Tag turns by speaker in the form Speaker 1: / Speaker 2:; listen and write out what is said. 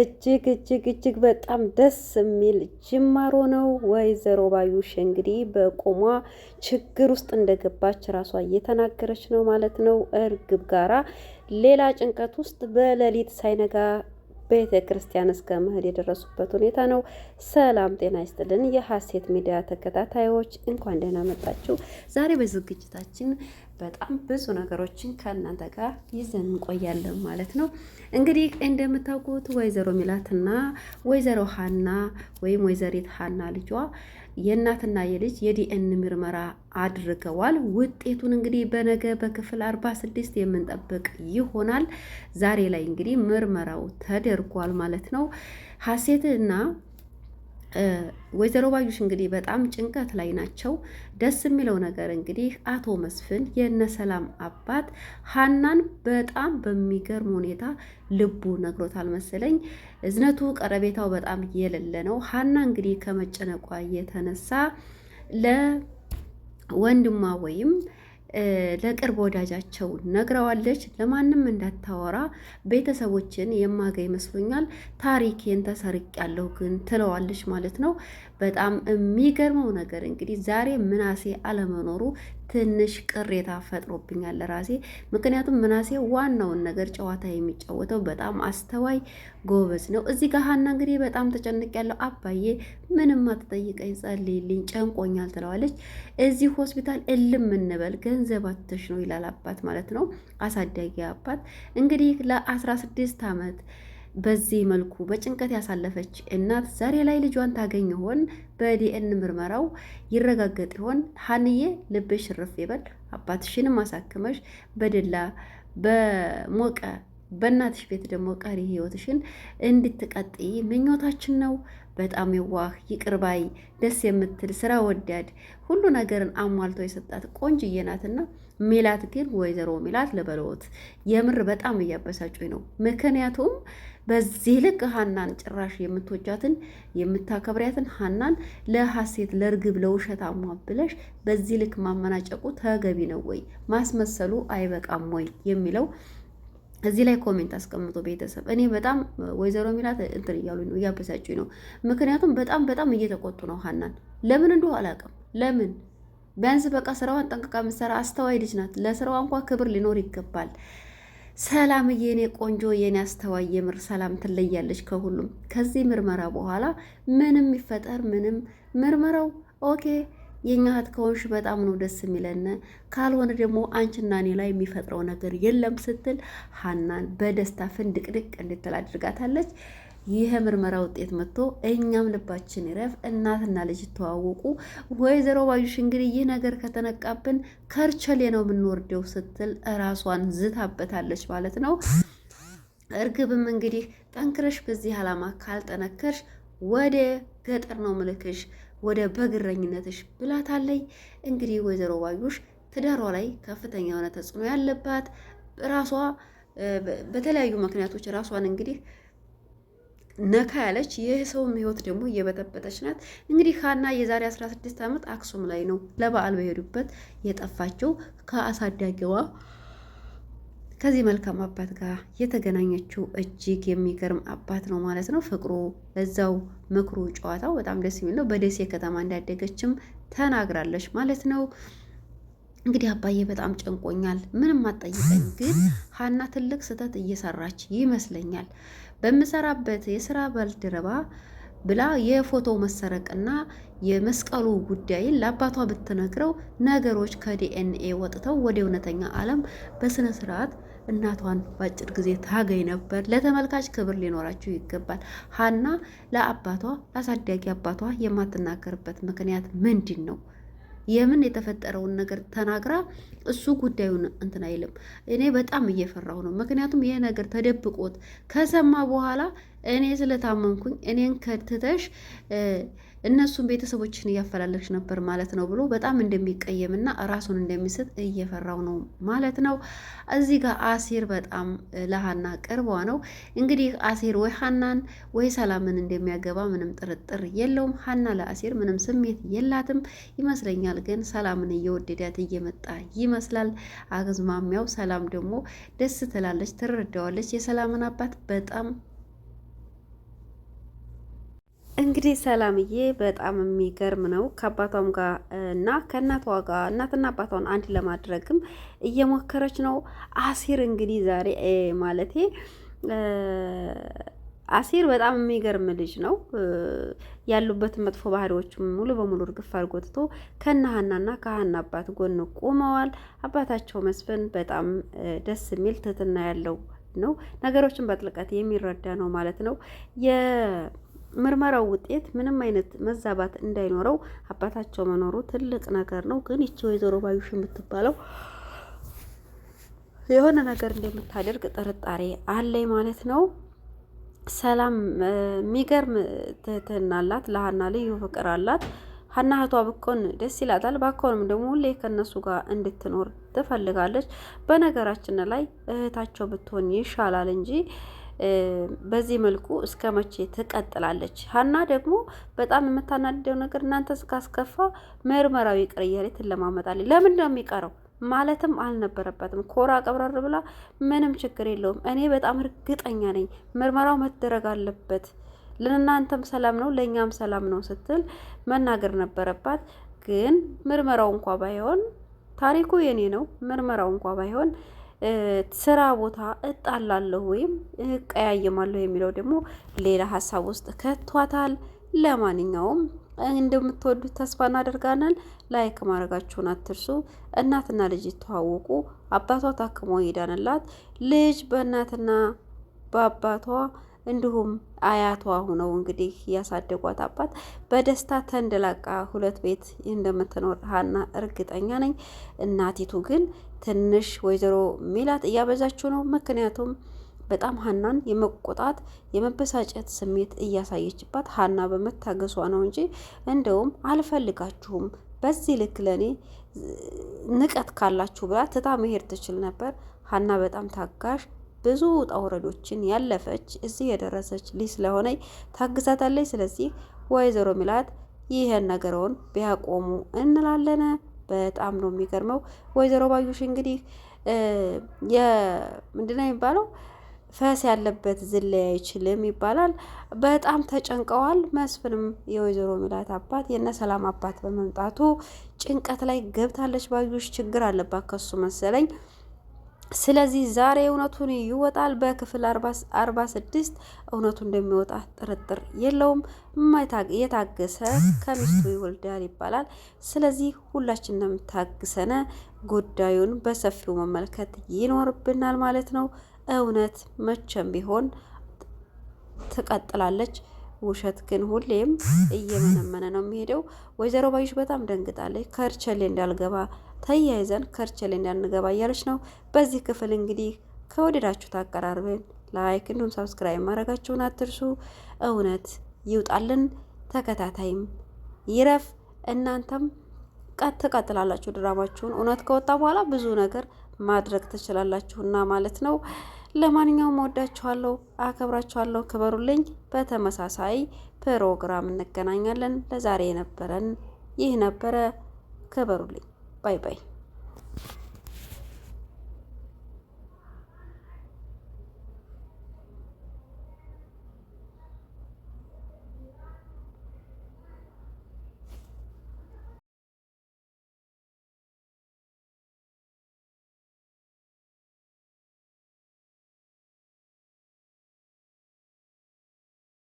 Speaker 1: እጅግ እጅግ እጅግ በጣም ደስ የሚል ጅማሮ ነው። ወይዘሮ ባዩሽ እንግዲህ በቁሟ ችግር ውስጥ እንደገባች ራሷ እየተናገረች ነው ማለት ነው። እርግብ ጋራ ሌላ ጭንቀት ውስጥ በሌሊት ሳይነጋ ቤተ ክርስቲያን እስከ መሄድ የደረሱበት ሁኔታ ነው። ሰላም ጤና ይስጥልን የሀሴት ሚዲያ ተከታታዮች እንኳን ደህና መጣችሁ። ዛሬ በዝግጅታችን በጣም ብዙ ነገሮችን ከእናንተ ጋር ይዘን እንቆያለን ማለት ነው። እንግዲህ እንደምታውቁት ወይዘሮ ሚላትና ወይዘሮ ሀና ወይም ወይዘሪት ሀና ልጇ የእናትና የልጅ የዲኤን ምርመራ አድርገዋል። ውጤቱን እንግዲህ በነገ በክፍል አርባ ስድስት የምንጠብቅ ይሆናል። ዛሬ ላይ እንግዲህ ምርመራው ተደርጓል ማለት ነው ሀሴትና ወይዘሮ ባዩሽ እንግዲህ በጣም ጭንቀት ላይ ናቸው። ደስ የሚለው ነገር እንግዲህ አቶ መስፍን የነ ሰላም አባት ሀናን በጣም በሚገርም ሁኔታ ልቡ ነግሮታል መሰለኝ። እዝነቱ ቀረቤታው በጣም የሌለ ነው። ሀና እንግዲህ ከመጨነቋ የተነሳ ለወንድሟ ወይም ለቅርብ ወዳጃቸው ነግረዋለች። ለማንም እንዳታወራ ቤተሰቦችን የማገኝ ይመስሎኛል ታሪኬን ያለው ግን ትለዋለች ማለት ነው። በጣም የሚገርመው ነገር እንግዲህ ዛሬ ምናሴ አለመኖሩ ትንሽ ቅሬታ ፈጥሮብኛል ለራሴ። ምክንያቱም ምናሴ ዋናውን ነገር ጨዋታ የሚጫወተው በጣም አስተዋይ ጎበዝ ነው። እዚህ ጋር ሀና እንግዲህ በጣም ተጨንቅ ያለው አባዬ ምንም አትጠይቀኝ፣ ጸልይልኝ፣ ጨንቆኛል ትለዋለች። እዚህ ሆስፒታል እልም እንበል ገንዘብ አትተሽ ነው ይላል አባት ማለት ነው አሳዳጊ አባት እንግዲህ ለአስራ ስድስት ዓመት በዚህ መልኩ በጭንቀት ያሳለፈች እናት ዛሬ ላይ ልጇን ታገኝ ይሆን? በዲኤን ምርመራው ይረጋገጥ ይሆን? ሀንዬ ልብሽ ሽርፍ ይበል። አባትሽንም አሳክመሽ በድላ በሞቀ በእናትሽ ቤት ደግሞ ቀሪ ህይወትሽን እንድትቀጥይ ምኞታችን ነው። በጣም የዋህ ይቅርባይ፣ ደስ የምትል ስራ ወዳድ፣ ሁሉ ነገርን አሟልቶ የሰጣት ቆንጅዬ ናትና ሜላት ግን ወይዘሮ ሜላት ልበለዎት የምር በጣም እያበሳጩኝ ነው። ምክንያቱም በዚህ ልክ ሀናን ጭራሽ የምትወጃትን የምታከብሪያትን ሀናን ለሀሴት ለእርግብ ለውሸት ብለሽ በዚህ ልክ ማመናጨቁ ተገቢ ነው ወይ? ማስመሰሉ አይበቃም ወይ የሚለው እዚህ ላይ ኮሜንት አስቀምጦ ቤተሰብ እኔ በጣም ወይዘሮ ሚላት እንትን እያሉ ነው እያበሳጩኝ ነው። ምክንያቱም በጣም በጣም እየተቆጡ ነው ሀናን ለምን እንደሁ አላውቅም። ለምን ቢያንስ በቃ ስራዋን ጠንቅቃ ምትሰራ አስተዋይ ልጅ ናት። ለስራዋ እንኳ ክብር ሊኖር ይገባል። ሰላምዬ የኔ ቆንጆ የኔ አስተዋይ የምር ሰላም ትለያለች ከሁሉም። ከዚህ ምርመራ በኋላ ምንም ይፈጠር ምንም ምርመራው ኦኬ የኛ እህት ከሆንሽ በጣም ነው ደስ የሚለን፣ ካልሆነ ደግሞ አንቺና እኔ ላይ የሚፈጥረው ነገር የለም ስትል ሀናን በደስታ ፍንድቅድቅ እንድትል አድርጋታለች። ይህ ምርመራ ውጤት መጥቶ እኛም ልባችን ይረፍ፣ እናትና ልጅ ተዋወቁ። ወይዘሮ ባዩሽ እንግዲህ ይህ ነገር ከተነቃብን ከርቸሌ ነው የምንወርደው ስትል እራሷን ዝታበታለች ማለት ነው። እርግብም እንግዲህ ጠንክረሽ በዚህ ዓላማ ካልጠነከርሽ ወደ ገጠር ነው ምልክሽ፣ ወደ በግረኝነትሽ ብላታለይ። እንግዲህ ወይዘሮ ባዩሽ ትዳሯ ላይ ከፍተኛ የሆነ ተጽዕኖ ያለባት ራሷ በተለያዩ ምክንያቶች ራሷን እንግዲህ ነካ ያለች ይህ የሰውም ህይወት ደግሞ እየበጠበጠች ናት። እንግዲህ ሀና የዛሬ 16 ዓመት አክሱም ላይ ነው ለበዓል በሄዱበት የጠፋቸው ከአሳዳጊዋ ከዚህ መልካም አባት ጋር የተገናኘችው እጅግ የሚገርም አባት ነው ማለት ነው። ፍቅሩ እዛው ምክሩ፣ ጨዋታው በጣም ደስ የሚል ነው። በደሴ ከተማ እንዳደገችም ተናግራለች ማለት ነው። እንግዲህ አባዬ በጣም ጨንቆኛል፣ ምንም አጠይቀኝ፣ ግን ሀና ትልቅ ስህተት እየሰራች ይመስለኛል በምሰራበት የስራ ባልደረባ ብላ የፎቶ መሰረቅና የመስቀሉ ጉዳይን ለአባቷ ብትነግረው ነገሮች ከዲኤንኤ ወጥተው ወደ እውነተኛ ዓለም በስነ ስርዓት እናቷን በአጭር ጊዜ ታገኝ ነበር። ለተመልካች ክብር ሊኖራችሁ ይገባል። ሀና ለአባቷ አሳዳጊ አባቷ የማትናገርበት ምክንያት ምንድን ነው? የምን የተፈጠረውን ነገር ተናግራ እሱ ጉዳዩን እንትን አይልም። እኔ በጣም እየፈራሁ ነው። ምክንያቱም ይህ ነገር ተደብቆት ከሰማ በኋላ እኔ ስለታመንኩኝ እኔን ከትተሽ እነሱን ቤተሰቦችን እያፈላለች ነበር ማለት ነው ብሎ በጣም እንደሚቀየምና ራሱን እንደሚስት እየፈራው ነው ማለት ነው። እዚህ ጋር አሴር በጣም ለሀና ቅርቧ ነው። እንግዲህ አሴር ወይ ሀናን ወይ ሰላምን እንደሚያገባ ምንም ጥርጥር የለውም። ሀና ለአሴር ምንም ስሜት የላትም ይመስለኛል። ግን ሰላምን እየወደዳት እየመጣ ይመስላል አዝማሚያው። ሰላም ደግሞ ደስ ትላለች፣ ትረዳዋለች። የሰላምን አባት በጣም እንግዲህ ሰላምዬ በጣም የሚገርም ነው። ከአባቷም ጋር እና ከእናቷ ጋር እናትና አባቷን አንድ ለማድረግም እየሞከረች ነው። አሲር እንግዲህ ዛሬ ማለቴ አሲር በጣም የሚገርም ልጅ ነው። ያሉበትን መጥፎ ባህሪዎች ሙሉ በሙሉ እርግፍ አድርጎ ትቶ ከነሀናና ከሀና አባት ጎን ቆመዋል። አባታቸው መስፍን በጣም ደስ የሚል ትህትና ያለው ነው። ነገሮችን በጥልቀት የሚረዳ ነው ማለት ነው። ምርመራው ውጤት ምንም አይነት መዛባት እንዳይኖረው አባታቸው መኖሩ ትልቅ ነገር ነው። ግን ይቺ ወይዘሮ ባዩሽ የምትባለው የሆነ ነገር እንደምታደርግ ጥርጣሬ አለኝ ማለት ነው። ሰላም የሚገርም ትህትና አላት። ለሀና ልዩ ፍቅር አላት። ሀና እህቷ ብኮን ደስ ይላታል። ባኮንም ደግሞ ሁሌ ከእነሱ ጋር እንድትኖር ትፈልጋለች። በነገራችን ላይ እህታቸው ብትሆን ይሻላል እንጂ በዚህ መልኩ እስከ መቼ ትቀጥላለች? ሀና ደግሞ በጣም የምታናድደው ነገር እናንተ እስካስከፋ ምርመራዊ ይቅር ለማመጣ ትለማመጣለች። ለምን ነው የሚቀረው? ማለትም አልነበረበትም። ኮራ ቀብረር ብላ ምንም ችግር የለውም። እኔ በጣም እርግጠኛ ነኝ ምርመራው መደረግ አለበት፣ ለእናንተም ሰላም ነው ለእኛም ሰላም ነው ስትል መናገር ነበረባት። ግን ምርመራው እንኳ ባይሆን ታሪኩ የኔ ነው ምርመራው እንኳ ባይሆን ስራ ቦታ እጣላለሁ ወይም እቀያየማለሁ የሚለው ደግሞ ሌላ ሀሳብ ውስጥ ከቷታል። ለማንኛውም እንደምትወዱት ተስፋ እናደርጋለን። ላይክ ማድረጋችሁን አትርሱ። እናትና ልጅ ይተዋወቁ። አባቷ ታክሞ ይዳንላት። ልጅ በእናትና በአባቷ እንዲሁም አያቷ ሆነው እንግዲህ ያሳደጓት አባት በደስታ ተንደላቃ ሁለት ቤት እንደምትኖር ሀና እርግጠኛ ነኝ። እናቲቱ ግን ትንሽ ወይዘሮ ሚላት እያበዛችው ነው። ምክንያቱም በጣም ሀናን የመቆጣት የመበሳጨት ስሜት እያሳየችባት ሀና በመታገሷ ነው እንጂ እንደውም አልፈልጋችሁም በዚህ ልክ ለእኔ ንቀት ካላችሁ ብላ ትታ መሄድ ትችል ነበር። ሀና በጣም ታጋሽ ብዙ ውጣ ውረዶችን ያለፈች እዚህ የደረሰች ልጅ ስለሆነ ታግዛታለች። ስለዚህ ወይዘሮ ሚላት ይህን ነገረውን ቢያቆሙ እንላለን። በጣም ነው የሚገርመው። ወይዘሮ ባዩሽ እንግዲህ ምንድን ነው የሚባለው ፈስ ያለበት ዝላይ አይችልም ይባላል። በጣም ተጨንቀዋል። መስፍንም የወይዘሮ ሚላት አባት የነ ሰላም አባት በመምጣቱ ጭንቀት ላይ ገብታለች። ባዩሽ ችግር አለባት ከሱ መሰለኝ ስለዚህ ዛሬ እውነቱን ይወጣል። በክፍል አርባ ስድስት እውነቱ እንደሚወጣ ጥርጥር የለውም። የታገሰ ከሚስቱ ይወልዳል ይባላል። ስለዚህ ሁላችንም ታግሰነ ጉዳዩን በሰፊው መመልከት ይኖርብናል ማለት ነው። እውነት መቼም ቢሆን ትቀጥላለች። ውሸት ግን ሁሌም እየመነመነ ነው የሚሄደው። ወይዘሮ ባዩሽ በጣም ደንግጣለች። ከርቸሌ እንዳልገባ ተያይዘን ላይ እንዳንገባ እያለች ነው። በዚህ ክፍል እንግዲህ ከወደዳችሁት አቀራርበን ላይክ እንዲሁም ሰብስክራይብ ማድረጋችሁን አትርሱ። እውነት ይውጣልን፣ ተከታታይም ይረፍ። እናንተም ቀጥ ትቀጥላላችሁ ድራማችሁን። እውነት ከወጣ በኋላ ብዙ ነገር ማድረግ ትችላላችሁና ማለት ነው። ለማንኛውም ወዳችኋለሁ፣ አከብራችኋለሁ። ክበሩልኝ። በተመሳሳይ ፕሮግራም እንገናኛለን። ለዛሬ የነበረን ይህ ነበረ። ክበሩልኝ። ባይ ባይ።